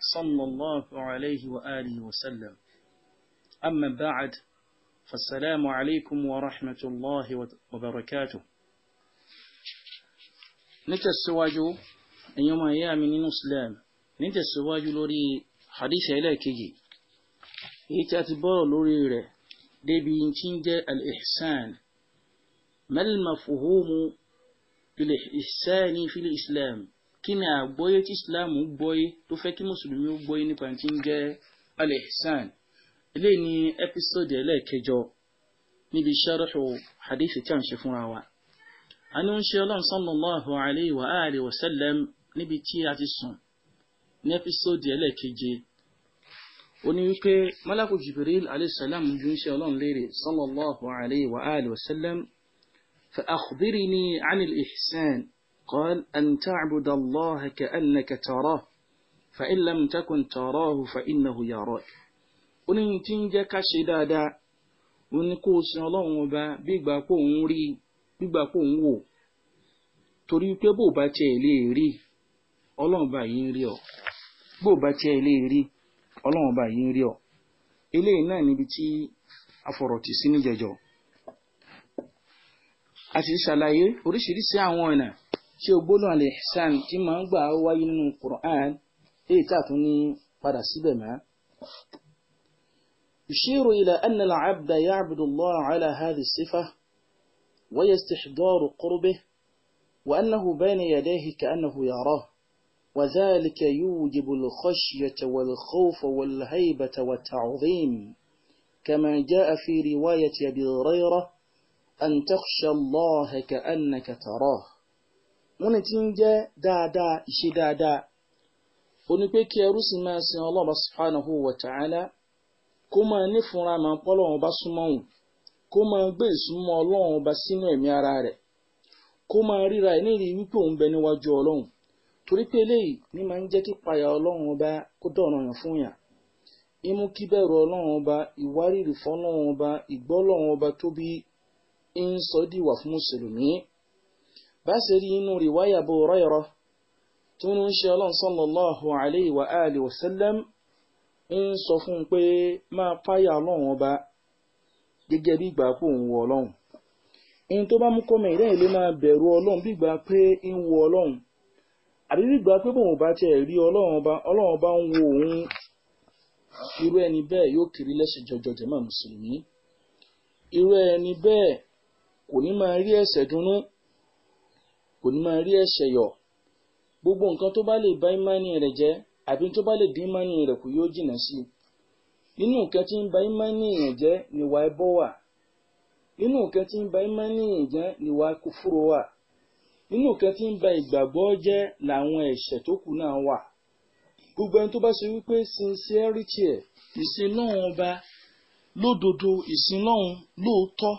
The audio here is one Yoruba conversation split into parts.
صلى الله عليه وآله وسلم أما بعد فالسلام عليكم ورحمة الله وبركاته نتسواج يوم أيام الإسلام نتسواج لوري حديث إليكي يتأتبار لوري ره دبي الإحسان ما المفهوم بالإحسان في الإسلام kí ni àgbọ́yé tí islam gbọ́yé tó fẹ́ kí mùsùlùmí ó gbọ́yé nípa tí ń jẹ́ al-ihsan eléyìí ni ẹpísọ́dì ẹlẹ́ẹ̀kẹjọ níbi sharhu hadithi tí a ń ṣe fúnra wa a ní ń ṣe ọlọ́run sallallahu alayhi wa alihi wa sallam níbi tí a ti sùn ní ẹpísọ́dì ẹlẹ́ẹ̀keje ó ní wípé malaku jibril alayhi ju ṣe ọlọ́run léèrè sallallahu alayhi wa alihi wa sallam fa akhbirni anil ihsan قال أن تعبد الله كأنك تراه فإن لم تكن تراه فإنه يراك oní tí ń jẹ́ ká ṣe dáadáa òní kó o sin ọlọ́run ọba bí ìgbà kó òun rí bí ìgbà kó òun wò torí pé bó o bá tiẹ̀ lè rí ọlọ́run ọba yìí ń rí ọ bó o bá tiẹ̀ lè rí ọlọ́run ọba yìí ń rí ọ eléyìí náà níbi tí afọ̀rọ̀tì sí níjẹ̀jọ́ a sì ṣàlàyé oríṣiríṣi àwọn ọ̀nà ṣé o gbóná àlè ihsan tí máa ń gbà wáyé nínú Qur'an èyí tá a tún ní padà síbẹ̀ mọ́. يشير إلى أن العبد يعبد الله على هذه الصفة ويستحضار قربه وأنه بين يديه كأنه يراه وذلك يوجب الخشية والخوف والهيبة والتعظيم كما جاء في رواية أبي هريرة أن تخشى الله كأنك تراه wọ́n ní daadaa ń jẹ́ dáadáa ìṣe dáadáa ó kí ẹrú sì máa sin ọlọ́ọ̀bá subhanahu wa ta'ala kó máa nífunra máa pọ́ lọ́wọ́n bá súnmọ́ òun kó máa gbé ìsúnmọ́ ọlọ́wọ́n bá sínú ẹ̀mí ara rẹ̀ kó máa ríra ẹ̀ nírí wípé òun bẹ níwájú ọlọ́run torí pé eléyìí ní máa ń jẹ́ kí payà ọlọ́run ọba kó yàn fún yàn imú kí bẹ̀rù ọlọ́run bá ṣe rí inú rìwáyà Abu Hurairah tí wọ́n ń ṣe ọlọ́run sallallahu alayhi wa alihi wa sallam ń sọ fún un pé máa páyà ọlọ́run ọba gẹ́gẹ́ bí ìgbà kó ń wọ ọlọ́run in tó bá mú kọ́mọ ìrẹ́ ìlú máa bẹ̀rù ọlọ́run bí ìgbà pé ń wọ ọlọ́run àbí bí ìgbà pé bòun bá tiẹ̀ rí ọlọ́run ọba ń wo òun irú ẹni bẹ́ẹ̀ yóò kiri lẹ́sẹ̀ jọjọ jẹ́mọ̀ mùsùlùmí irú ẹni bẹ́ẹ̀ kò ní máa rí ẹ̀ṣẹ̀ dunnú kò ní máa rí ẹ̀ṣẹ̀ yọ̀ gbogbo nǹkan tó bá lè bá ìmánì rẹ̀ jẹ́ àbí tó bá lè dín ìmánì rẹ̀ kù yóò jìnnà sí i nínú nǹkan tí ń bà ìmánì èèyàn jẹ́ níwà ẹbọ wà Inú nǹkan tí ń bà ìmánì èèyàn jẹ́ níwà kúfúrú wà Inú nǹkan tí ń bà ìgbàgbọ́ jẹ́ làwọn ẹ̀ṣẹ̀ tó kù náà wà gbogbo ẹni tó bá ṣe wípé sincerity ẹ̀ ìsìn lọ́hùn ọba lódodo ìsìn lọ́hùn lóòótọ́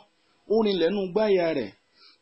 ó rinlẹ̀ nù gbáyà rẹ̀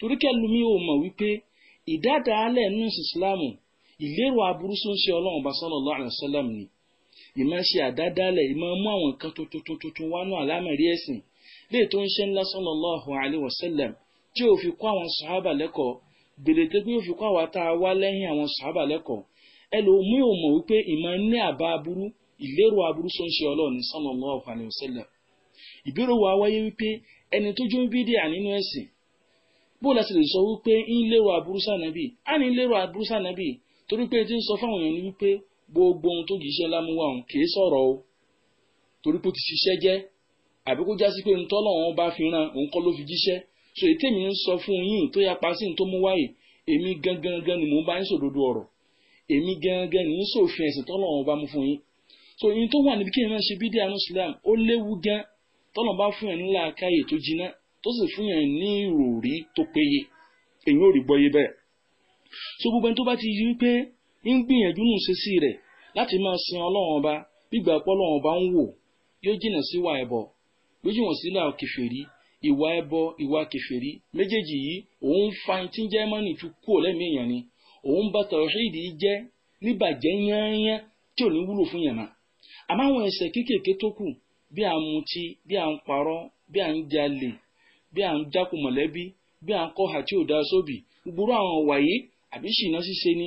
torí kẹlùmí ò mọ̀ wípé ìdádàálẹ̀ nù ìsìlámù ìlérò aburú sọ́nṣẹ́ ọlọ́run bá sallallahu alaihi wasallam ni ìmọ̀ ṣe àdádálẹ̀ ìmọ̀ mú àwọn nǹkan tuntun tuntun wánú àlámẹ̀rí ẹ̀sìn lè tó ń ṣe ńlá sallallahu alaihi wasallam tí ò fi kọ́ àwọn sàhábà lẹ́kọ̀ọ́ gbèdéte pé ó fi kọ́ àwa tá a wá lẹ́yìn àwọn sàhábà lẹ́kọ̀ọ́ ẹlòmíì ò mọ̀ wípé ìmọ̀ ní àbá aburú ìlérò aburú sọ́nṣẹ́ ọlọ́run sallallahu alaihi wasallam ìbéèrè wa wáyé wípé ẹni tó jó ń bídíà bó la sì lè sọ wípé ń lérò aburú sànàbì á ní lérò aburú sànàbì torí pé tí ń sọ fáwọn èèyàn ni wípé gbogbo ohun tó kì í ṣe lámúwá òun kì í sọ̀rọ̀ o torí pé ó ti ṣiṣẹ́ jẹ́ àbí kó jásí pé ntọ́ lọ́wọ́n bá fi ran òun kọ́ ló fi jíṣẹ́ so èyí tèmi ń sọ fún yín tó yapa sí tó mú wáyé èmi gangan ni mò ń bá yín sòdodo ọ̀rọ̀ èmi gangan ni ń sòfin ẹ̀sìn tọ́lọ́wọ́n bá mú fún yín so yín tó wà níbi kí n náà ṣe bídíà ní Islam ó léwu gan tọ́lọ́wọ́n bá fún yẹn ńlá káyè tó jiná tó sì fún yẹn ní ìròrí tó péye èyí ò rí gbọ́yé bẹ́ẹ̀. so gbogbo ẹni tó bá ti yí wípé ń gbìyànjú nù ṣe sí rẹ̀ láti máa sin ọlọ́run ọba gbígbà pọ́ ọlọ́run ọba ń wò yóò jìnà sí ìwà ẹbọ yóò jìnà sí ìlà ìwà ẹbọ ìwà kèfèrí méjèèjì yìí òun fa ti ń jẹ́ mọ́nì tu kúrò lẹ́mìí èèyàn ni òun bá tọ̀rọ̀ṣẹ́ìdì jẹ́ níbàjẹ́ yányán tí ò ní wúlò fún yàn náà àmọ́ àwọn ẹ̀ṣẹ̀ kéékèèké tó kù bí à ń mutí bí à ń parọ́ bí à ń jalè bí à ń jákun mọ̀lẹ́bí bí à ń kọ́ ha tí ò da sóbì gbogbo àwọn ọ̀wà yìí àbí ṣìnà ṣíṣe ni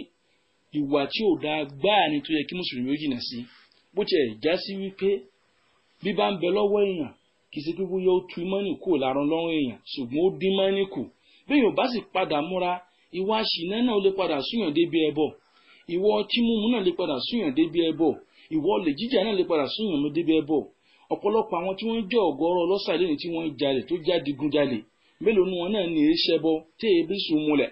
ìwà tí ò dáa gbáà ni tó yẹ kí mùsùlùmí ó jìnà sí bó tiẹ̀ já sí wípé bí bá ń bẹ lọ́wọ́ èèyàn kì í ṣe pé bóyá ó tu mọ́nì kù láàrún lọ́rùn èèyàn ṣùgbọ́n ó dín mọ́nì kù bí èèyàn bá sì padà múra ìwà ṣìnà náà lè padà súyàn débi ẹbọ ìwọ ọtí mímu náà lè padà súyàn débi ẹbọ ìwọ olè jíjà náà lè padà súyàn débi ẹbọ ọ̀pọ̀lọpọ̀ àwọn tí wọ́n jẹ́ ọ̀gọ́rọ̀ ọlọ́ṣà lẹ́nu tí wọ́n ń jalè tó já digunjalè mélòó nu wọn náà ní èéṣẹbọ tí èé bí sùn múlẹ̀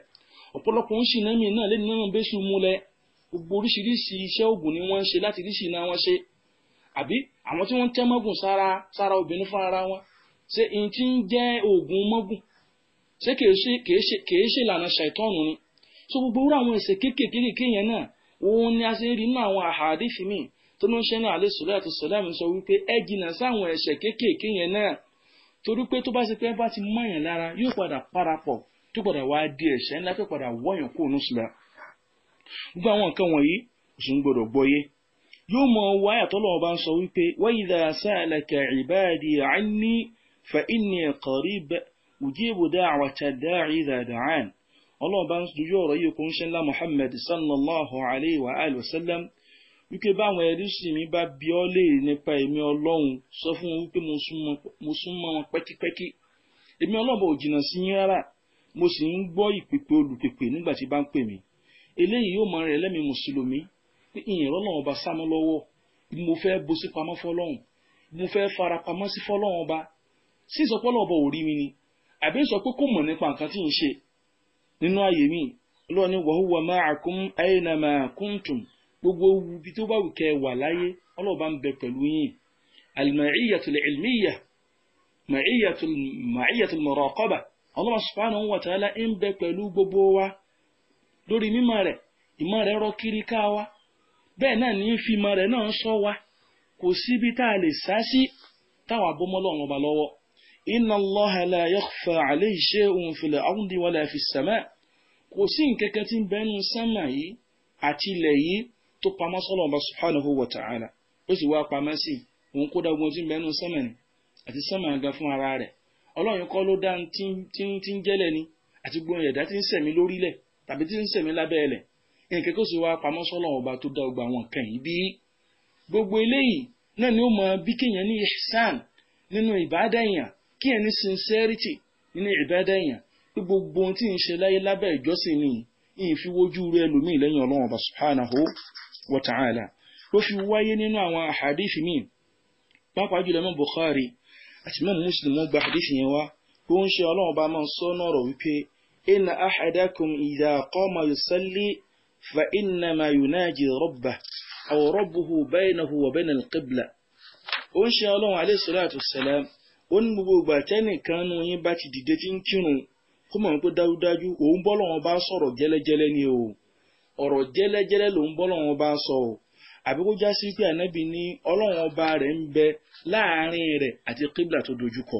ọ̀pọ̀lọpọ̀ ń ṣìnà mí náà lẹ́nu náà bí múlẹ̀ gbogbo oríṣiríṣi iṣẹ́ ògùn ni wọ́n ń ṣe láti ríṣì náà wọ́n ṣe àbí àwọn tí wọ́n ń tẹ́ mọ́gùn sára sára obìnrin fún ara wọn ṣé ìyìn tí ń jẹ́ oògùn mọ́gùn ṣé kèé ṣe ìlànà ṣàìtọ́nù ni so gbogbo irú àwọn ẹ̀ṣẹ̀ kéékèèké yẹn náà òun ni a ṣe ń rí nínú àwọn àhàdífì míì tó ní ṣe náà alẹ́ sọ́lá àti sọ́lá mi sọ wípé ẹ jìnnà sáwọn ẹ̀ṣẹ̀ kéékèèké yẹn náà torí pé tó bá ṣe pé bá ti mọ̀yàn lára yóò padà parapọ̀ tó padà wá di ẹ̀ṣẹ̀ ńlá tó padà wọ̀yàn kó nù sílá. gbogbo àwọn nǹkan wọ̀nyí òṣùn gbọdọ̀ gbọ́yé yóò mọ wáyà tọ́lọ́wọ́ bá ń sọ wípé wa idha sa'alaka ibadi anni fa inni qarib ujibu da'wata wípé báwọn ẹrúsìn mi bá bi ọ́ léèrè nípa èmi ọlọ́run sọ fún wọn wípé mo súnmọ́ wọn pẹ́kípẹ́kí èmi ọlọ́run bò jìnnà sí yín rárá mo sì ń gbọ́ ìpèpè olùpèpè nígbà tí bá ń pè mí eléyìí yóò mọ rẹ̀ lẹ́mìí mùsùlùmí pé ìyìn ọlọ́run ọba sámú lọ́wọ́ bí mo fẹ́ bo sí pamọ́ fọlọ́run bí mo fẹ́ fara pamọ́ sí fọlọ́run ọba sí ìsọpọ́lọ́ ọba ò rí mi ni àbí sọ pé kò mọ̀ nípa nǹkan tí ń ṣe nínú ààyè mi lọ́ọ̀ ni wàhùwà máa kún àyìnà máa kúntùm gbogbo ibi tó bá wù kẹ́ wà láyé ọlọ́ọ̀bá ń bẹ pẹ̀lú yín al-ma'iyyatul ilmiyya ma'iyyatul ma'iyyatul muraqaba Allah subhanahu wa ta'ala ń bẹ pẹ̀lú gbogbo wa lórí mímọ̀ rẹ̀ ìmọ̀ rẹ̀ rọ kiri ká wa bẹ́ẹ̀ náà ní fi ìmọ̀ rẹ̀ náà sọ wa kò síbi tá a lè sá sí táwọn abọ́mọ́lọ́ wọn bá lọ́wọ́ inna Allaha la yakhfa alayhi shay'un fil ardi wala fis sama' kò sí nkẹ́kẹ́ tí ń bẹ́nu sánmà yìí àti ilẹ̀ yìí tó pamọ́ sọ́lọ̀ ọba subhanahu wa ta'ala ó sì wá pamọ́ sí i òun kó dágun tí ń bẹnu sánmà ni àti sánmà ga fún ara rẹ̀ ọlọ́run kọ́ ló dá tí ń jẹ́lẹ̀ ni àti gbogbo ẹ̀dá tí ń sẹ̀mí lórílẹ̀ tàbí tí ń sẹ̀mí lábẹ́ ẹlẹ̀ nǹkan kó sì wá pamọ́ sọ́lọ̀ ọba tó dá ọgbà àwọn nǹkan yìí bí gbogbo eléyìí náà ni ó mọ bí kéèyàn ní ihsan wa ta'ala ló fi wáyé nínú àwọn àhàdífì míì pàápàá jùlọ mọ́ Bukhari àti mọ́ Muslim wọ́n gba àhàdífì yẹn wá tó ń ṣe ọlọ́run bá máa ń sọ náà rọ̀ wípé inna ahadakum idha qama yusalli fa innama yunaji rabbah aw rabbuhu baynahu wa bayna al-qibla ó ń ṣe ọlọ́run alayhi salatu wassalam ó ní gbogbo ìgbà tẹ́nìkan nu yín bá ti dìde tí ń kírun kó mọ̀ pé dájúdájú òun bọ́lọ́run bá sọ̀rọ̀ jẹ́lẹ́jẹ́lẹ́ ni o ọ̀rọ̀ jẹ́lẹ́jẹ́lẹ́ ló ń bọ́ lọ́wọ́ bá sọ o àbí kó já sí pé ànábì ní ọlọ́wọ́n ọba rẹ̀ ń bẹ láàrin rẹ̀ àti kíbla tó dojúkọ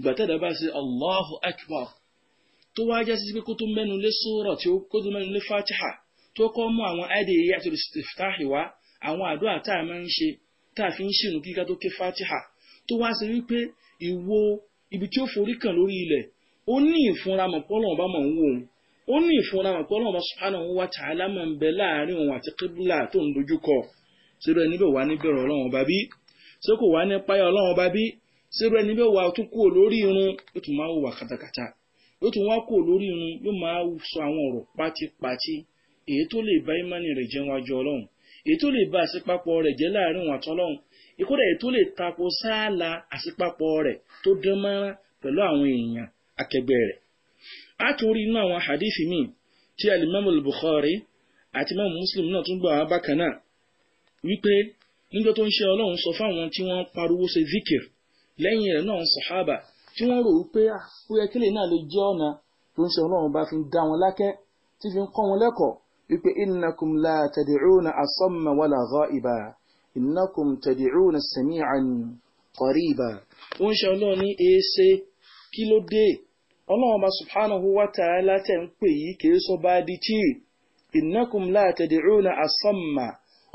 gbàtẹ́dà bá ṣe allahu akbar tó wá já sí pé kó tó mẹ́nu lé sóòrọ̀ tí kó tó mẹ́nu lé fatiha tó kọ́ mú àwọn àdè yìí àti olùsìtìfìtàhì wá àwọn àdúrà tá a máa ń ṣe tá a fi ń ṣìnú kíká tó ké fatiha tó wá ṣe wípé ìwo ibi tí ó forí kàn lórí ilẹ̀ ó ní ìfúnra mọ̀ pọ́lọ́wọ́n mọ̀ ń wò ó ó ní ìfúnra wọn pé ọlọ́run subhanahu wa ta'ala máa ń bẹ láàrin òun àti kíbùlà tó ń dojúkọ sírò ẹni bẹ́ẹ̀ wá níbẹ̀rù ọlọ́run ọba bí ṣé kò wá ní páyà ọlọ́run ọba bí sírò ẹni bẹ́ẹ̀ wá tún kúrò lórí irun ó tún máa wà kàtàkàtà ó tún wá kúrò lórí irun yóò máa sọ àwọn ọ̀rọ̀ pátípátí èyí tó lè bá ìmánì rẹ̀ jẹun àjọ ọlọ́run èyí tó lè ba àṣepapọ̀ rẹ̀ jẹ́ láàrin òun àtọ́lọ́run ìkódà èyí tó lè tako sáàlà àṣepapọ̀ rẹ̀ tó dán mọ́rán pẹ̀lú àwọn èèyàn akẹgbẹ́ rẹ̀ a tún rí inú àwọn hadithi míì tí alimami Bukhari àti imam Muslim náà tún gbà wá bákan náà wípé níjọ́ tó ń ṣe Ọlọ́run sọ fáwọn tí wọ́n pariwo ṣe zikir lẹ́yìn rẹ̀ náà sọ̀hábà tí wọ́n rò wípé ó yẹ kílè náà lè jẹ́ ọ̀nà tó ń ṣe Ọlọ́run bá fi dá wọn lákẹ́ tí fi ń kọ́ wọn lẹ́kọ̀ọ́ wípé innakum la tad'una asamma wala ghaiba innakum tad'una sami'an qariba ó ń ṣe Ọlọ́run ní èéṣe kí ló dé ọlọ́ọ̀ba subhanahu wa ta'ala tẹ̀ ń pè yìí kìí sọ bá di tí innakum la tad'una asamma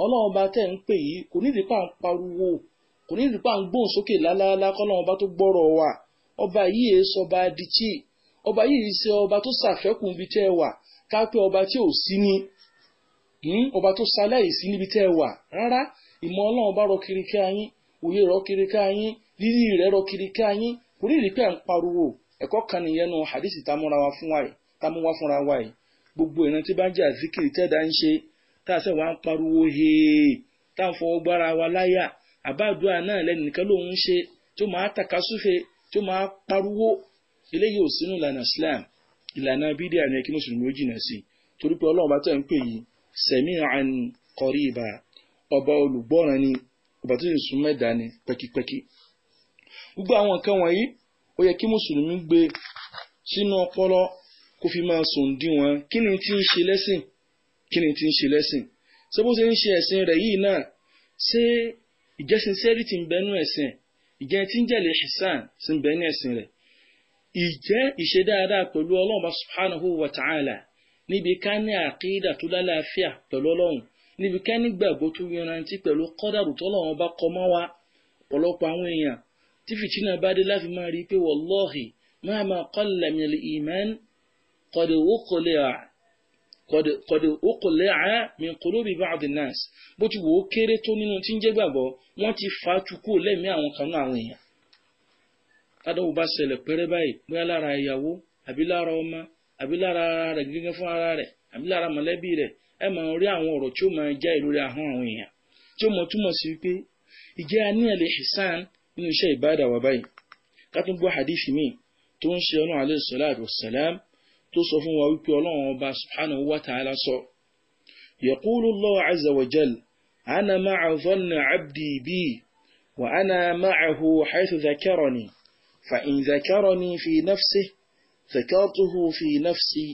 ọlọ́ọ̀ba tẹ̀ ń pè yìí kò ní ìdípa pariwo kò ní ìdípa gbóhùn sókè lálálá kọ́lọ́ọ̀ba tó gbọ́rọ̀ ọba yìí e sọ bá di ọba yìí ṣe ọba tó tẹ́ wà ọba tí ò sí ní hmm? ọba tó ṣaláìsí níbi ẹ̀kọ́ kan nìyẹn nu hadisi tamúra wa fún wa yìí tamú wa fúnra wa yìí gbogbo ìran tí bá ń jẹ́ àzíkiri tẹ́ẹ̀dá ń ṣe tá a sẹ́ wàá ń pariwo hee tá a fọwọ́ gbára wa láyà àbáàdúrà náà lẹ́nìkan lòun ń ṣe tó máa tàka súfe tó máa pariwo eléyìí ò sínú ìlànà Islam ìlànà bídíà ni kí mùsùlùmí ó jìnà sí torí pé Ọlọ́run bá tẹ̀ ń pè yìí sami'an qariba ọba olùgbọ́ràn ni ọba tó sì sún mẹ́ta ni pẹ́kípẹ́kí ó yẹ kí mùsùlùmí gbé sínú ọpọlọ kó fi máa sùn díwọn kí ni tí ń ṣe lẹ́sìn kí ni tí ń ṣe lẹ́sìn ṣé bó ṣe ń ṣe ẹ̀sìn rẹ̀ yìí náà ṣé ìjẹ́ sincerity ń bẹ́nu ẹ̀sìn ìjẹ́ tí ń jẹ̀lẹ̀ ṣìṣàn sí ń bẹ́nu ẹ̀sìn rẹ̀ ìjẹ́ ìṣe dáadáa pẹ̀lú ọlọ́run subhanahu wa ta'ala níbi ká ní àkídà tó lálàáfíà pẹ̀lú ọlọ́run níbi ká nígbàgbọ́ tó yanrantí pẹ̀lú kọ́dàrú tọ́lọ́run bá kọ́ mọ́ wa ọ̀pọ̀lọpọ̀ àwọn èèyàn tí fìtínà bá dé láfi máa rí i pé wàlọ́ọ̀hì máa máa qalla min al-iman qad uqli'a qad uqli'a min qulubi ba'd an-nas bó ti wò ó kéré tó nínú tí ń jẹ́ gbàgbọ́ wọ́n ti fa tukú lẹ́mìí àwọn kan náà àwọn èèyàn. tádọ́wò bá ṣẹlẹ̀ pẹ́rẹ́ báyìí bóyá lára ìyàwó àbí lára ọmọ àbí lára ara rẹ̀ gẹ́gẹ́ fún ara rẹ̀ àbí lára mọ̀lẹ́bí rẹ̀ ẹ máa rí àwọn ọ̀rọ̀ tí ó máa já ìlú rẹ̀ àwọn èèyàn tí ó mọ̀ túmọ̀ sí wípé ìjẹ́ aníyàn lè nínú iṣẹ́ ìbáàdà wa báyìí ká tún gbọ́ hadithi míì tó ń ṣe ọlọ́run alayhi salatu wassalam tó sọ fún wa wípé ọlọ́run ọba subhanahu wa ta'ala sọ yaqulu Allahu azza wa jal ana ma'a dhanna abdi bi wa ana ma'ahu haythu dhakarani fa in dhakarani fi nafsihi dhakartuhu fi nafsi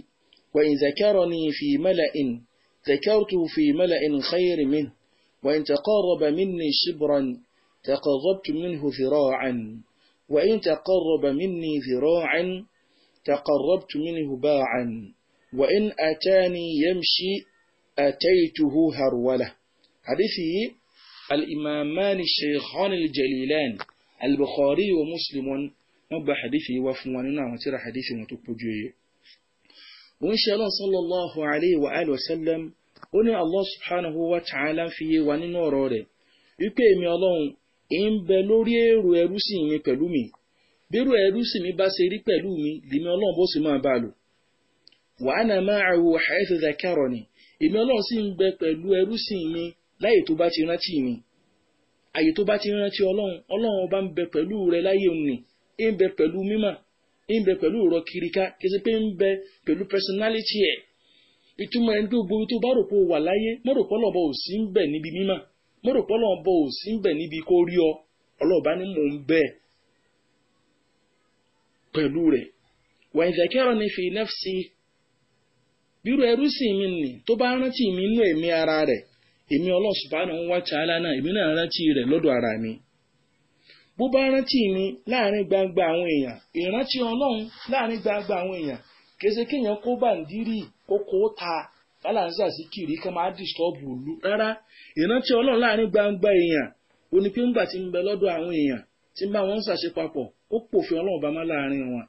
wa in dhakarani fi mala'in ذكرته في ملأ خير منه وإن تقرب مني شبرا تقربت منه ذراعا وإن تقرب مني ذراعا تقربت منه باعا وإن أتاني يمشي أتيته هرولة حديثه الإمامان الشيخان الجليلان البخاري ومسلم نبا حديثه وفواننا وترى حديثه وتبجيه وإن شاء الله صلى الله عليه وآله وسلم ó الله سبحانه وتعالى فيه وننوره يبقى إمي الله ń bẹ lórí èrò ẹrú sì mi pẹ̀lú mi bẹ́rù ẹrú sì mi bá ṣe rí pẹ̀lú mi lèmi ọlọ́run bó sì máa bá a lò wàhánà máa àwò àìsàn zakarọ ni èmi ọlọ́run sì ń bẹ pẹ̀lú ẹrú sì mi láyè tó bá ti rántí mi àyè tó bá ti rántí ọlọ́run ọlọ́run ọba ń bẹ pẹ̀lú rẹ láyè òní ń bẹ pẹ̀lú mímọ̀ ń bẹ pẹ̀lú ọ̀rọ̀ kiriká kì pé ń bẹ pẹ̀lú personality ẹ̀ ìtumọ̀ ẹni tó gbogbo tó bá rò pé ó wà láyé mọ́rò pọ́lọ́bọ̀ ò sí ń bẹ níbi mímọ̀ mo rò pọ́ lọ́wọ́ bọ́ ò sí ń bẹ̀ níbi kó rí ọ ọlọ́ọ̀bá ni mò ń bẹ̀ pẹ̀lú rẹ̀ wà ni fi nẹ́fṣì bírú ẹrú sì mi nì tó bá rántí mi nú ẹ̀mí ara rẹ̀ èmi olo subhanahu wa ta'ala náà èmi náà rántí rẹ̀ lọ́dọ̀ ara mi bó bá rántí mi láàrin gbangba àwọn èèyàn ìrántí Ọlọ́run láàrin gbangba àwọn èèyàn kèsè kéèyàn kó n'diri kó kó ta kálá ń sàṣì kiri ká máa dìstọ́bù òlu rárá ìrántí ọlọ́run láàrin gbangba èèyàn òní pé ńgbà tí ń bẹ lọ́dọ̀ àwọn èèyàn tí ń bá wọn ṣàṣe papọ̀ ó pòfin ọlọ́run bá má láàrin wọn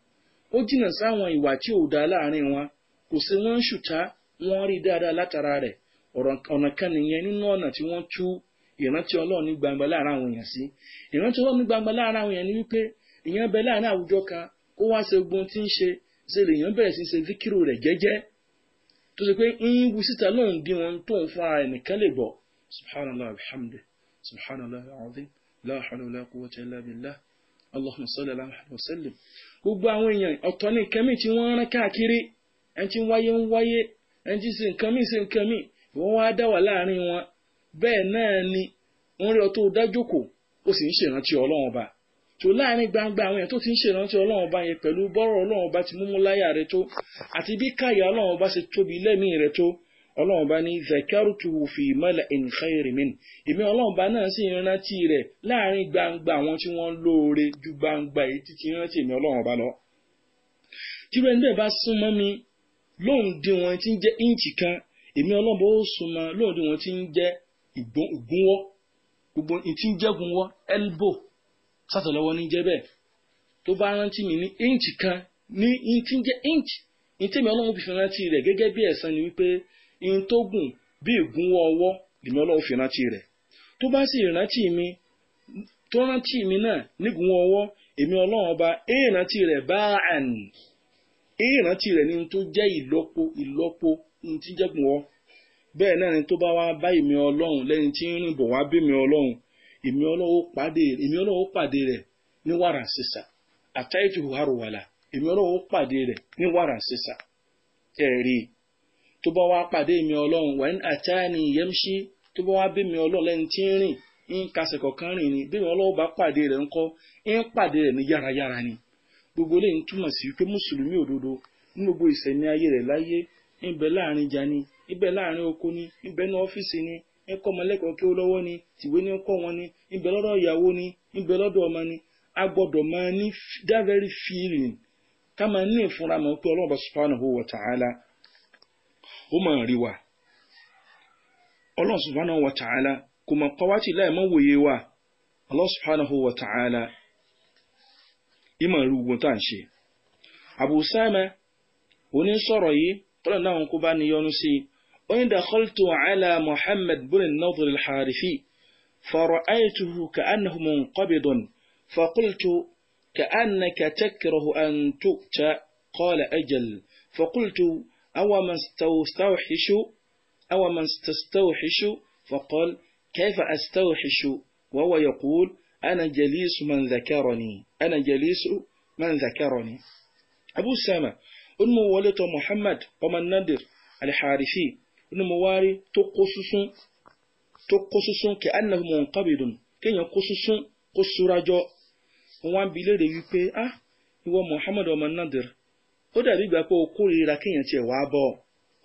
ó jìnnà sáwọn ìwà tí ò dá láàrin wọn kò sí wọn ń ṣùtá wọn rí dáadáa látara rẹ̀ ọ̀nà kan nìyẹn nínú ọ̀nà tí wọ́n tú ìrántí ọlọ́run ní gbangba láàrin àwọn èèyàn sí ìrántí ọlọ́run ní gbangba láàrin àwọn èèyàn ni wípé èèyàn bẹ láàrin àwùjọ kan ó wá ṣe ogun tí ń ṣe ṣe lèèyàn bẹ̀rẹ̀ sí ṣe fíkírò rẹ̀ jẹ́jẹ́ tó ṣe pé ń wí síta lóhùn dí wọn tó ń fún ẹnìkan lè gbọ́ subhanallah alhamdu subhanallah alazim la hawla wala quwwata illa billah allahumma sallallahu alaihi muhammad sallim gbogbo àwọn èèyàn ọ̀tọ̀ ní nǹkan míì tí wọ́n rán káàkiri ẹni tí ń wáyé ń wáyé ẹni tí ń ṣe nǹkan míì ṣe nǹkan míì wọ́n wá dá wà láàrin wọn bẹ́ẹ̀ náà ni wọ́n rí ọ dájókòó ó sì ń ṣèrántí ọlọ́run ọba tó láàrin gbangba àwọn èèyàn tó ti ń ṣèrántí ọlọ́run ọba yẹn pẹ̀lú bọ́rọ̀ ọlọ́run ọba ti múmú láyà rẹ tó àti bí káyà ọlọ́run ọba ṣe tóbi lẹ́mìí rẹ tó ọlọ́run ọba ní zakarutu fi mọ́lẹ̀ ẹnìkẹ́rìmìn èmi ọlọ́run ọba náà sì rántí rẹ̀ láàrin gbangba àwọn tí wọ́n lóore ju gbangba èyí tí ti rántí èmi ọlọ́run ọba lọ. tíro ẹni bẹ́ẹ̀ bá súnmọ́ mi lóun di wọn ti ń jẹ́ elbow sátọ̀lọ́wọ́ ní jẹ́ tó bá rántí mi ní inch kan ní ìtí jẹ́ íǹtì ìtí mi ọlọ́run fi fi rántí gẹ́gẹ́ bí ẹ̀san ni wípé ihun tó gùn bí ìgúnwọ́ ọwọ́ lèmi ọlọ́run rẹ̀ tó bá sì rántí mi tó rántí mi náà nígúnwọ́ ọwọ́ èmi ọlọ́run ọba báàn ní tó jẹ́ ìlọ́po ìlọ́po ọ tó bá wá bá lẹ́ni tí ń wá bí ọlọ́run èmi ọlọ́wọ́ pàdé rẹ̀ ní wàrà sísà àtàìtì hùwárùwàlà èmi ọlọ́wọ́ pàdé rẹ̀ ní wàrà sísà ẹ̀rí tó bá wá pàdé mi ọlọ́run wà ní àtàní yẹ́mṣí tó bá wá bí mi ọlọ́run lẹ́ni tí ń rìn ń kasẹ̀ rìn ni bá pàdé rẹ̀ ńkọ́ ń pàdé rẹ̀ ní yárayára ni gbogbo ń túmọ̀ sí pé mùsùlùmí òdodo ní gbogbo ìsẹ̀mí ayé rẹ̀ ń kọ́ ọmọlẹ́kọ̀ọ́ kí ó ni tìwé ní kọ́ wọn ni ń lọ́dọ̀ ni ń lọ́dọ̀ ọmọ ni a gbọ́dọ̀ máa ní that very feeling ká máa ní ìfúnra mọ̀ pé ọlọ́run wa ta'ala ó máa rí wa ọlọ́run subhanahu wa ta'ala kò mọ̀ kọ́ wá tì láì mọ́ wòye wa ọlọ́run subhanahu wa ìmọ̀ وإن دخلت على محمد بن النضر الحارثي فرأيته كأنه منقبض فقلت كأنك تكره أن تؤتى قال أجل فقلت أو من تستوحش أو من تستوحش فقال كيف أستوحش وهو يقول أنا جليس من ذكرني أنا جليس من ذكرني أبو سامة أم ولد محمد ومن نادر الحارثي ni mo to rí tó kó sísún tó kó sísún kí annahu munqabidun kéèyàn kó sísún kó súrajọ wọn bi léèrè wípé ah ìwọ Muhammad ọmọ Nadir ó dàbí ìgbà pé o kórìíra kéèyàn tiẹ̀ wá bọ̀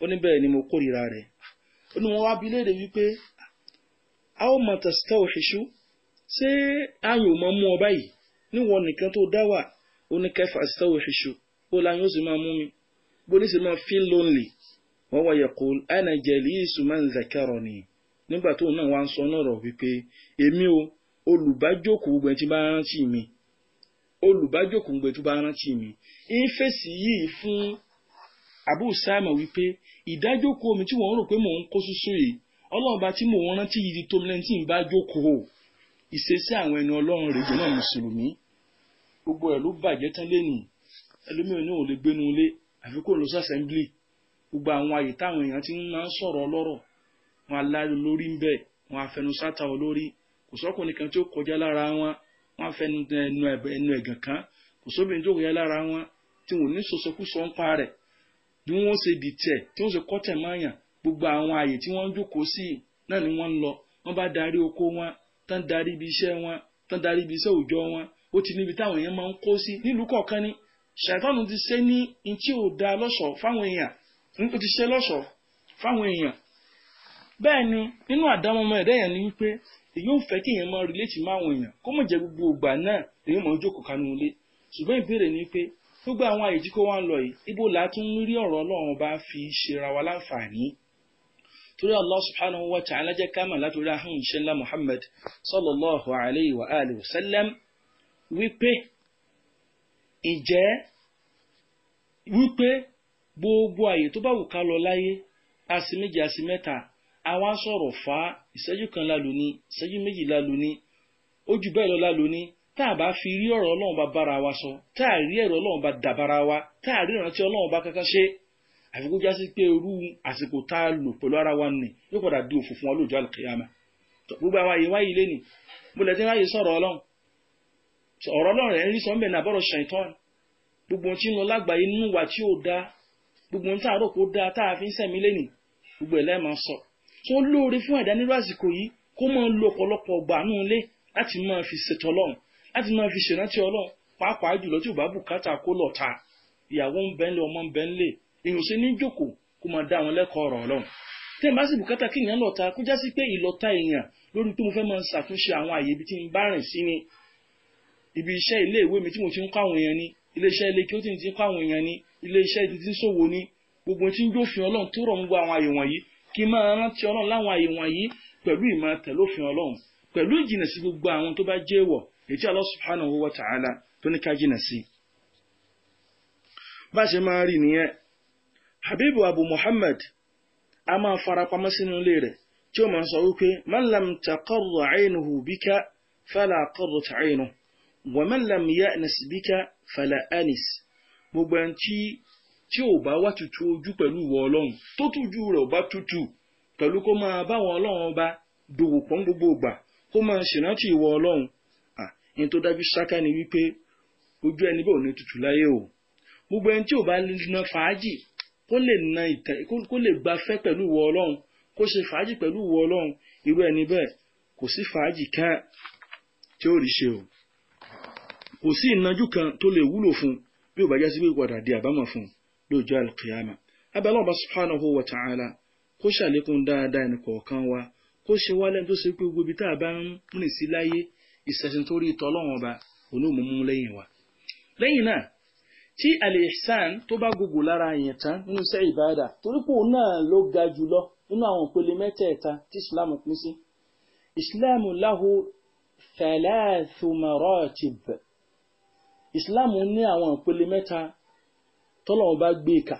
ó ní bẹ́ẹ̀ ni mo kórìíra rẹ̀ ó ní wọn wá bi léèrè wípé a ó mọ tẹ̀sítẹ́ òṣìṣú ṣé ayò máa mú ọ báyìí níwọ̀n nìkan tó dá wà ó ní kẹfà tẹ̀sítẹ́ òṣìṣú ó láyún ó sì mi bó ní sì máa feel lonely wọ́n wáyé kul ana jalisu man zakarani nígbà tóun náà wá ń sọ náà rọ̀ wípé èmi o olùbájókòó gbẹ̀ tí bá rántí mi olùbájókòó gbẹ̀ tó bá rántí mi ń fèsì yìí fún Abu Sama wípé ìdájókòó mi tí wọ́n rò pé mò ń kó súsú yìí ọlọ́run bá tí mò ń rántí yìí tó lẹ́ni tí ń bá jókòó ìṣesí àwọn ẹni ọlọ́run rèé náà mùsùlùmí gbogbo ẹ̀ ló bàjẹ́ tán lẹ́nu ẹlòmíràn náà ò lè gbénu lé àfikún lọ sí assembly gbogbo àwọn àyè táwọn èèyàn ti máa ń sọ̀rọ̀ ọlọ́rọ̀ wọn aláyò lórí ń bẹ̀ wọn afẹnusátà olórí kò sọ́kùnrin kan tí ó kọjá lára wọn wọn afẹnu ẹnu ẹ̀gàn kan kò sóbìnrin tó kọjá lára wọn tí wọn ò ní sọsọkúsọ ń pa rẹ̀ bí wọ́n ṣe dì tẹ̀ tí wọ́n ṣe kọ́tẹ̀ gbogbo àwọn àyè tí wọ́n ń jókòó sí náà ni wọ́n ń lọ wọ́n bá darí oko wọn tán darí ibi iṣẹ́ wọn tán darí ibi iṣẹ́ òòjọ́ wọn ó ti níbi táwọn èèyàn máa ń kó ni ti ṣe ní ó ti ṣe lọ́ṣọ̀ọ́ fáwọn èèyàn bẹ́ẹ̀ ni nínú àdámọ́mọ́ ẹ̀dá èèyàn ni wípé èyí ò fẹ́ kí èèyàn máa relate mọ́ àwọn èèyàn kó mọ̀ jẹ́ gbogbo ìgbà náà èyí mọ̀ ojókòó kanú ilé ṣùgbọ́n ìbéèrè ni pé gbogbo àwọn àyè tí kò wá ń lọ yìí ibo là á tún rí ọ̀rọ̀ ọlọ́run bá fi ṣera wa láǹfààní torí allah subhanahu wa ta'ala jẹ́ ká mà látòrí ahọ́n ìṣẹ́ ńlá muhammad sallallahu alayhi wa alihi wa sallam wípé ìjẹ́ wípé gbogbo àyè tó bá wù ká lọ láyé àsìméjì àsìmẹ́ta àwa sọ̀rọ̀ fà á ìṣẹ́jú kan lálu ni ìṣẹ́jú méjì lálu ni ojú bẹ́ẹ̀ lọ lálu ni tá a bá fi rí ọ̀rọ̀ ọlọ́run bá bára wa sọ tá a rí ẹ̀rọ ọlọ́run bá dàbára wa tá a rí ìrántí ọlọ́run bá kankan ṣe àfi kó já sí pé irú àsìkò tá a lò pẹ̀lú ara wa nì yóò padà di òfò fún wa lóòjọ́ àlùkìyàmà gbogbo àwa yìí wáyé lé nì mo lẹ́tí ráyè sọ̀rọ̀ ọlọ́run ọ̀rọ̀ ọlọ́run rẹ̀ ń rí sọ́ńbẹ̀ náà bọ́rọ̀ ṣàìtọ́n gbogbo tí ń lọ lágbàáyé nínú wa tí ò dáa gbogbo ohun tá a rò kó dáa tá a fi ń sẹ̀mí lẹ́nì gbogbo ẹ̀ lẹ́ẹ̀ máa sọ tó lóore fún ẹ̀dá nírú àsìkò yìí kó máa lo ọ̀pọ̀lọpọ̀ ọgbà àánú ilé láti máa fi ṣètò ọlọ́run láti máa fi ṣèrántí ọlọ́run pàápàá jùlọ tí ò bá bùkátà kó lọ ta ìyàwó ń bẹ́ńlẹ̀ ọmọ ń bẹ́ńlẹ̀ èèyàn ṣe ní jókòó kó máa dá àwọn lẹ́kọ̀ọ́ ọ̀rọ̀ ọlọ́run iléeṣẹ́ ilé kí ó ti ń ti kọ́ àwọn èèyàn ni iléeṣẹ́ ti ti ṣòwò ni gbogbo tí ń jófin ọlọ́run tó rọ̀ ń gbọ́ àwọn àyè wọ̀nyí kí n máa rántí ọlọ́run láwọn àyè wọ̀nyí pẹ̀lú ìmọ̀ tẹ̀lófin ọlọ́run pẹ̀lú ìjìnà sí gbogbo àwọn tó bá jẹ́ èèwọ̀ ètí Allah subhanahu wa ta'ala tó ní ká jìnà sí. bá a ṣe máa rí nìyẹn Habibu Abu Muhammad a máa farapamọ́ sínú ilé rẹ̀ tí ó máa sọ wípé man lam taqarra 'aynuhu bika fala qarrat 'aynuhu wa man lam fala anis gbogbo ẹni tí tí ò bá wá tutù ojú pẹ̀lú ìwọ ọlọ́run tó tújú rẹ̀ ò bá tutù pẹ̀lú kó máa báwọn ọlọ́run ọba dòwò pọ́n gbogbo ìgbà kó máa ṣèrántí ìwọ ọlọ́run ní tó dájú ṣáká ni wípé ojú ẹni bẹ́ẹ̀ ò ní tutù láyé o gbogbo ẹni tí ò bá na fàájì kó lè na ìtẹ kó lè gbafẹ́ pẹ̀lú ìwọ ọlọ́run kó ṣe fàájì pẹ̀lú ìwọ ọlọ́run irú ẹni bẹ́ẹ̀ kò sí fàájì kan tí ó rí ṣe o kò sí ìnájú kan tó lè wúlò fún bí ó bá jásí pé padà di àbámọ̀ fún lóòjọ́ alkiyama abẹ́lẹ́ ọba subhanahu wa ta'ala kó ṣàlékún dáadáa ẹnìkọ̀ọ̀kan wa kó ṣe wá lẹ́nu tó ṣe pé gbogbo ibi tá a bá ń rìn sí láyé ìṣẹ̀sìn tó rí ìtọ́ ọlọ́run ọba onímọ̀mú lẹ́yìn wa. lẹ́yìn náà tí al tó bá gbogbo lára yẹn tán nínú iṣẹ́ ìbáadà torípò náà ló ga jùlọ nínú àwọn ìpele mẹ́tẹ̀ẹ̀ta tí islam pín sí. islam lahu thalathu islam ní àwọn ìpele mẹ́ta tọ́lọ́run bá gbé e kà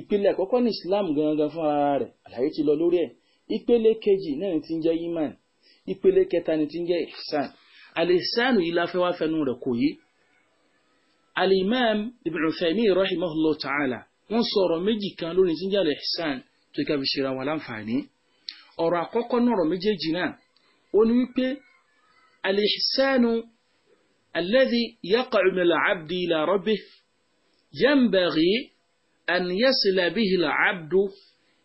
ìpele àkọ́kọ́ ní islam gangan fún ara rẹ̀ àlàyé ti lọ lórí ẹ̀ ìpele kejì náà ti ń jẹ́ iman ìpele kẹta ni ti ń jẹ́ ihsan al-ihsan yìí la fẹ́ wá fẹnu rẹ̀ kò yí al-imam rahimahullah ta'ala wọ́n sọ̀rọ̀ méjì kan lórí ti ń jẹ́ al tó ká ṣera wọn láǹfààní ọ̀rọ̀ àkọ́kọ́ náà ọ̀rọ̀ méjèèjì náà ó ní wípé al الذي يقع من العبد إلى ربه ينبغي أن يصل به العبد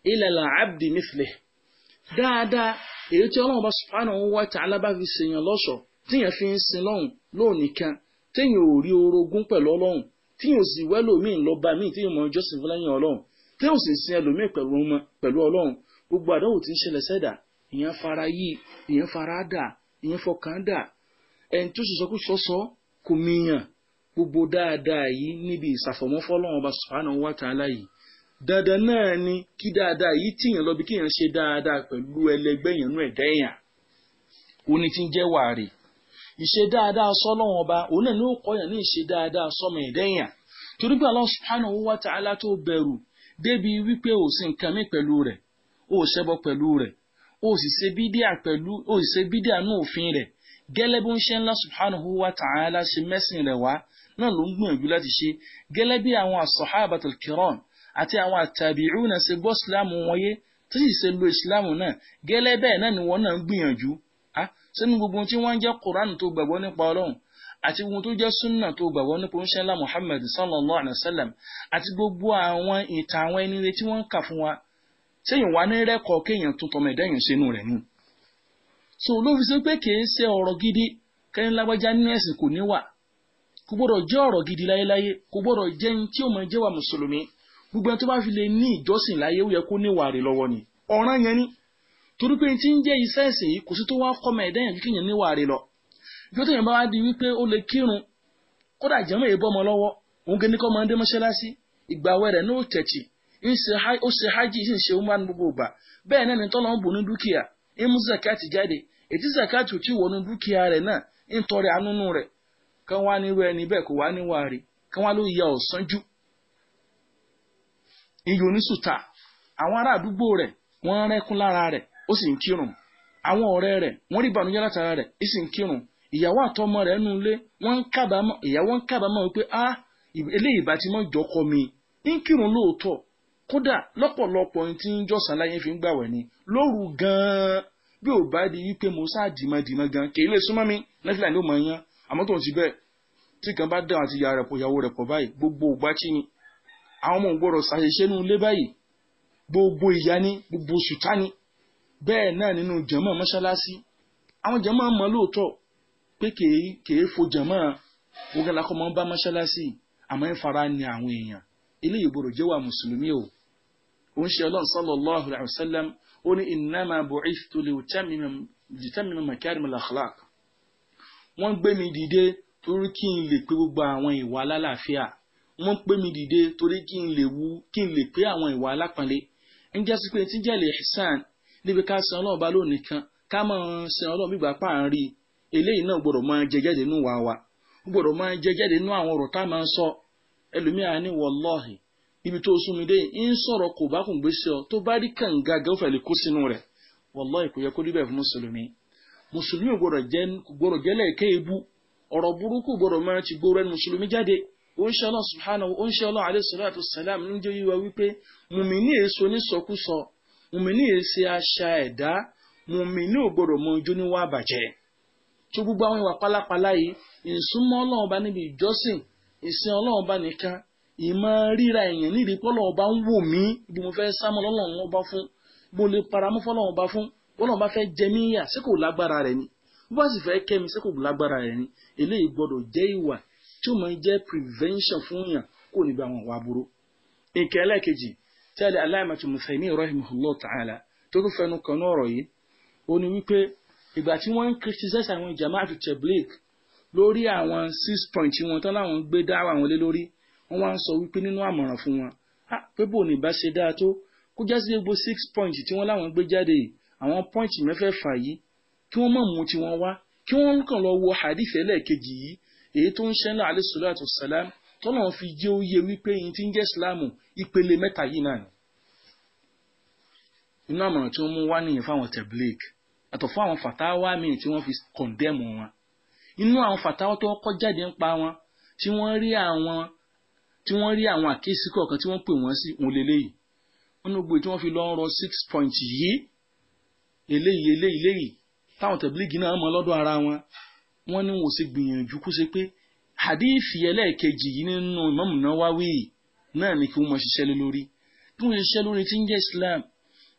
إلى العبد مثله dáadáa èyí tí ọlọ́run bá subhanahu wa ta'ala bá fi ṣèyàn lọ́ṣọ̀ọ́ tíyàn fi ń sin lọ́hùn lónìí kan tíyàn ò rí orogún pẹ̀lú ọlọ́run tíyàn ò sì wẹ́ lòmíì lọ́ba míì tíyàn mọ jọ́sìn fún lẹ́yìn ọlọ́run tíyàn ò sì sin ẹlòmíì pẹ̀lú ọmọ pẹ̀lú ọlọ́run gbogbo àdánwò tí ń ṣẹlẹ̀ sẹ́dà ìyẹn fara yí ìyẹn fara dà ìyẹn fọkàn dà ẹni tó sì sọkúsọ sọ kò mìíyàn gbogbo dáadáa yìí níbi ìsàfọ̀mọ́ fọ́lọ́run ọba subhanahu wa ta'ala yìí dandan náà ni kí dáadáa yìí tìyàn lọ bí kíyàn ṣe dáadáa pẹ̀lú ẹlẹgbẹ́ yẹn nú ẹ̀dá èèyàn òní ti ń jẹ́ wàrí ìṣe dáadáa sọ́lọ́run ọba òun náà ni ó kọ́ yàn ní ìṣe dáadáa sọ́mọ ẹ̀dá èèyàn torí pé Allah subhanahu wa ta'ala tó bẹ̀rù débi wípé ò sí nǹkan mi pẹ̀lú rẹ̀ ò ṣẹbọ pẹ̀lú rẹ̀ ò sì ṣe bídíà pẹ̀lú ò sì ṣe bídíà nú òfin rẹ̀ gẹ́lẹ́ bí ó ń ṣe ńlá subhanahu wa ta'ala ṣe mẹ́sìn rẹ̀ wá náà ló ń gbìyànjú láti ṣe gẹ́lẹ́ bí àwọn as-sahabatul kiram àti àwọn at-tabi'una ṣe gbọ́ ìsìláàmù wọn yé tó sì ṣe lo ìsìláàmù náà gẹ́lẹ́ bẹ́ẹ̀ náà ni wọ́n náà ń gbìyànjú á sínú gbogbo tí wọ́n ń jẹ́ Qur'an tó gbàgbọ́ nípa Ọlọ́run àti gbogbo tó jẹ́ súnà tó gbàgbọ́ nípa oúnjẹ ńlá Muhammad sallallahu alayhi wa sallam àti gbogbo so ló fi sí pé kì í ṣe ọ̀rọ̀ gidi kẹ́ni lágbájá nínú ẹ̀sìn kò ní wà kò gbọ́dọ̀ jẹ́ ọ̀rọ̀ gidi láyéláyé kò gbọ́dọ̀ jẹ́ ní tí ó máa jẹ́ wà mùsùlùmí gbogbo ẹni tó bá fi lè ní ìjọsìn láyé ó yẹ kó ní wàrí lọ́wọ́ ni ọ̀ràn yẹn ni torí pé tí ń jẹ́ iṣẹ́ ẹ̀sìn yìí kò sí tó wá kọ́ ọmọ ẹ̀dá yẹn kí ní wàrí lọ bẹ́ẹ̀ náà ni tọ́lọ́ ń bò ní dúkìá ìmú zakati jáde ètí zakati ò tí wọnú dúkìá rẹ̀ náà ń tọrẹ àánú rẹ̀ kán wá nírú ẹni bẹ́ẹ̀ kó wá níwá kán wá ló ya ọ̀sán jù iyò onísùtà àwọn ará àdúgbò rẹ wọn rẹ́kún lára rẹ̀ ó sì ń kírun àwọn ọ̀rẹ́ rẹ̀ wọ́n rí ìbànújẹ́ látara rẹ̀ ó sì ń kírun ìyàwó àtọmọ rẹ̀ nù lé ìyàwó ti mi kódà lọ́pọ̀lọpọ̀ ohun tí ń jọ̀sán láyé fi ń gbàwẹ̀ ni lóru gan-an bí ò bá di wípé mo sá dìmọ̀dìmọ̀ gan kì í lè súnmọ́ mi nẹ́fìlà ni ó mọ̀ yan àmọ́ tó ń ti bẹ́ẹ̀ tí kan bá dáhùn àti ìyá rẹ̀ pọ̀ ìyàwó rẹ̀ pọ̀ báyìí gbogbo ògbà tí ni àwọn ọmọ ògbọ́dọ̀ ṣàṣeṣe nínú ilé báyìí gbogbo ìyá ni gbogbo ṣùtá ni bẹ́ẹ̀ náà nínú jàmá mọ́ṣáláṣí àwọn jàmá mọ̀ lóòótọ́ pé kèé kèé fo jàmá ogun lakọ́ bá mọ́ṣáláṣí àmọ́ ń ni àwọn èèyàn eléyìí gbọ́dọ̀ jẹ́wà mùsùlùmí o òun ṣe ọlọ́run sallallahu alaihi wasallam ó ní innama bu'ithtu litammima makarimal akhlaq wọ́n gbé mi dìde torí kí n lè pé gbogbo àwọn ìwà alálàáfíà wọ́n gbé mi dìde torí kí n lè wú kí n lè pé àwọn ìwà alápọ̀nlé ń jẹ́ sí pé tí jẹ́lẹ̀ ihsan níbi ká san ọlọ́run bá lónìí kan ká máa san ọlọ́run bí gbàpá ń rí eléyìí náà gbọ́dọ̀ máa jẹ jáde wa gbọ́dọ̀ máa jẹ àwọn ọ̀rọ̀ tá máa sọ ẹlòmíà ní wallahi ibi tó sún mi dé ń sọ̀rọ̀ kò bá kùn gbèsè ọ tó bá rí kànga gan fẹ̀lẹ̀ kó sínú rẹ̀ wàláì kò yẹ kó níbẹ̀ fún mùsùlùmí mùsùlùmí gbọdọ̀ jẹ́lẹ̀ ké ọ̀rọ̀ burúkú gbọdọ̀ máa ti gbóró ẹni mùsùlùmí jáde ó ń ṣe Allah subhanahu ó ń ṣe Allah alayhi salatu salam ní jẹ́ yíwa wípé mùmíní èso ní sọkúsọ mùmíní èsì àṣà ẹ̀dá mùmíní ò gbọdọ̀ mọ ojú ní wá ìmọ̀ ríra èèyàn nídi pọ́lọ̀ ọba ń wò mí bí mo fẹ́ sámọ́ lọ́lọ́run ọba fún mo lè paramọ́ fọ́lọ́run ọba fún bọ́lọ́run bá fẹ́ jẹ mí yà ṣé kò lágbára rẹ̀ ni bó bá sì fẹ́ kẹ́ mi ṣé kò lágbára rẹ̀ ni eléyìí gbọ́dọ̀ jẹ́ ìwà tí ó máa jẹ́ prevention fún yàn kò ní bá wọn wá burú. ìkẹ́ ẹlẹ́ẹ̀kejì tí a lè aláìmọ̀tò mùsàlùmí ta'ala tó tó fẹnu kan náà ọ̀rọ̀ yìí ó ní wípé ìgbà tí wọ́n ń six point wọn tán láwọn gbé dáwà wọn lé wọ́n wá ń sọ wípé nínú àmọ̀ràn fún wọn ah, pé bò ní bá ṣe dáa tó kó já sí gbogbo six points tí wọ́n láwọn gbé jáde yìí àwọn point mẹ́fẹ̀ẹ̀fà yìí kí wọ́n mọ̀ mú tiwọn wá kí wọ́n kàn lọ wo hadith ẹlẹ́ẹ̀kejì yìí èyí tó ń ṣẹ́ńlá alayhi salatu wassalam tọ́nà fi jẹ́ ó yẹ wípé yìí ti ń jẹ́ ìsìláàmù ìpele mẹ́ta yìí náà ni. inú àmọ̀ràn tí wọ́n mú wá nìyẹn fáwọn tabligh àtọ̀ fún àwọn fàtáwá míì tí wọ́n fi kọ̀ndẹ́mù wọn inú àwọn fàtáwá tó kọ́ jáde ń pa wọn tí wọ́n rí àwọn tí wọ́n rí àwọn àkíyèsí kọ̀ọ̀kan tí wọ́n pè wọ́n sí òun lélẹ́yìí wọ́n ní gbogbo tí wọ́n fi lọ ń rọ six point yìí eléyìí eléyìí eléyìí táwọn tẹ̀blígì náà mọ lọ́dọ̀ ara wọn wọ́n ní wọ́n sì gbìyànjú kó ṣe pé hadithi ẹlẹ́ẹ̀kejì yìí nínú Imamu Nawawi náà ni kí wọ́n mọ ṣiṣẹ́ lórí kí wọ́n ṣiṣẹ́ lórí tí ń jẹ́ Islam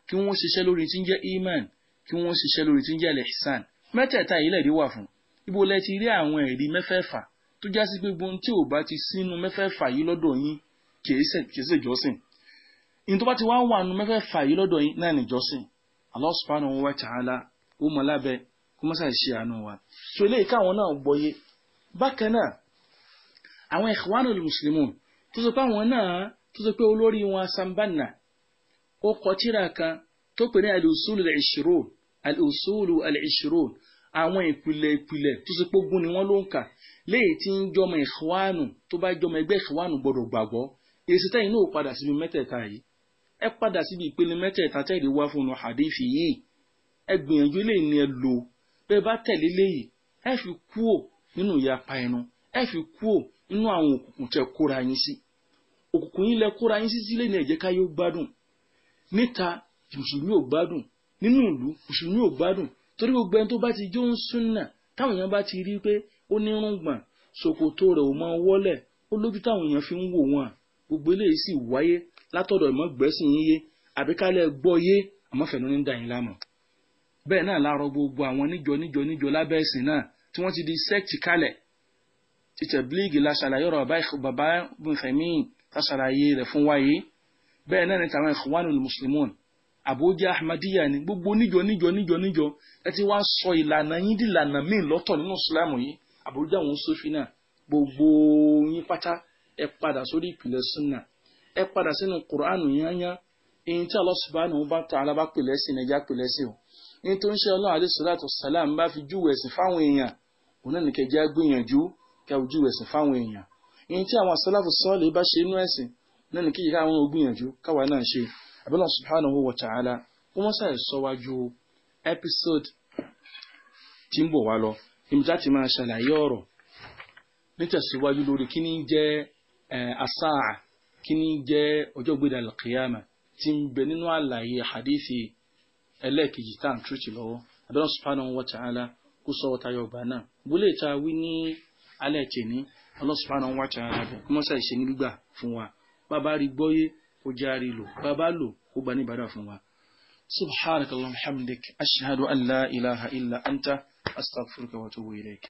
kí wọ́n ṣiṣẹ́ lórí tí ń jẹ́ iman kí wọ́n ṣiṣẹ́ lórí tí ń jẹ́ lihsan mẹ́tẹ̀ẹ̀ta yìí lẹ́ẹ̀rí wà fún ibo lẹ ti rí àwọn ẹ̀rí mẹ́fẹ̀ẹ̀fà tó já sí pé gbogbo tí ò bá ti sínú mẹ́fẹ̀ẹ̀fà yìí lọ́dọ̀ yín kìí ṣe ìjọsìn ìyẹn tó bá ti wá wà nù mẹ́fẹ̀ẹ̀fà yìí lọ́dọ̀ yín náà nìjọsìn Allah subhanahu wa ta'ala ó mọ lábẹ́ kó má ṣàì ṣe àánú wa so eléyìí káwọn náà gbọ́yé bákan náà àwọn Ikhwanul Muslimun tó sọ pé àwọn náà tó sọ pé olórí wọn Sambanna ó kọ tírà kan tó pè ní al-usul al-ishrun àwọn ìpìlẹ̀ ìpìlẹ̀ tó ṣe pé ogún ni wọ́n ló ń kà léyìí tí ń jọmọ ìṣúwánù tó bá jọmọ ẹgbẹ́ ìṣúwánù gbọ́dọ̀ gbàgbọ́ èsì tẹ́yìn náà padà síbi mẹ́tẹ̀ẹ̀ta yìí ẹ padà síbi ìpele mẹ́tẹ̀ẹ̀ta tẹ́lẹ̀ wá fún un hadisi yìí ẹ gbìyànjú lè ní ẹ lò bẹ́ẹ̀ bá tẹ̀lé léyìí ẹ fi kúò nínú ìyapa ẹnu ẹ fi kúò nínú àwọn òkùnkùn tẹ kóra yín sí òkùnkùn yín lẹ kóra yín sí sílé ní ẹ̀jẹ̀ káyọ̀ gbádùn níta mùsùlùmí ò gbádùn nínú ìlú mùsùlùmí ò gbádùn torí gbogbo ẹni tó bá ti jó ń súnà táwọn èèyàn bá ti rí pé ó ní rúngbọ̀n ṣòkòtò rẹ̀ ò mọ wọ́lẹ̀ ó lójú táwọn èèyàn fi ń wò wọ́n gbogbo eléyìí sì wáyé látọ̀dọ̀ ìmọ̀ gbẹ́sìn yíyé àbíkálẹ̀ gbọ́ yé àmọ́fẹ̀ẹ́nu ní dàyín lámọ̀ bẹ́ẹ̀ náà láàárọ̀ gbogbo àwọn níjọ níjọ níjọ lábẹ́ ẹ̀sìn náà tí wọ́n ti di sẹ́ẹ̀tì kalẹ̀ títẹ̀ bíléègì la ṣàlàyé ọ̀rọ̀ bàbá Ibn ta ṣàlàyé rẹ̀ fún wáyé bẹ́ẹ̀ náà ni tàwọn Ikhwanul Muslimun àbójá ahmadiyya ni gbogbo níjọ níjọ níjọ níjọ ẹ ti wá sọ ìlànà yín di ìlànà míì lọ́tọ̀ nínú ìsìlámù yìí àbójá òun sófin náà gbogbo yín pátá ẹ padà sórí ìpìlẹ̀ sunna ẹ padà sínú kùránù èyí tí ta o èyí tó ń ṣe ọlọ́run alayhi salatu salam bá fi júwèé fáwọn èèyàn òun náà nìkẹ́ jẹ́ gbìyànjú kẹ́ fáwọn èèyàn èyí tí àwọn bá ṣe abẹ́lá subhanahu wa ta'ala kó wọ́n sáré sọ́wájú episode tí ń bọ̀ wá lọ ìmúta ti máa ṣàlàyé ọ̀rọ̀ nítẹ̀síwájú lórí kí ní jẹ́ asáà kí ní jẹ́ ọjọ́ gbéra al tí ń bẹ nínú àlàyé hadithi ẹlẹ́ẹ̀kejì tá à ń túrìtì lọ́wọ́ abẹ́lá subhanahu wa ta'ala kó sọ wọ́ta yọgbà náà gbólé ta wí subhanahu wa ta'ala kó wọ́n sáré ṣe nígbà fún وجاري له بابالو وبني بدافنوا سبحانك اللهم حمدك أشهد أن لا إله إلا أنت أستغفرك وأتوب إليك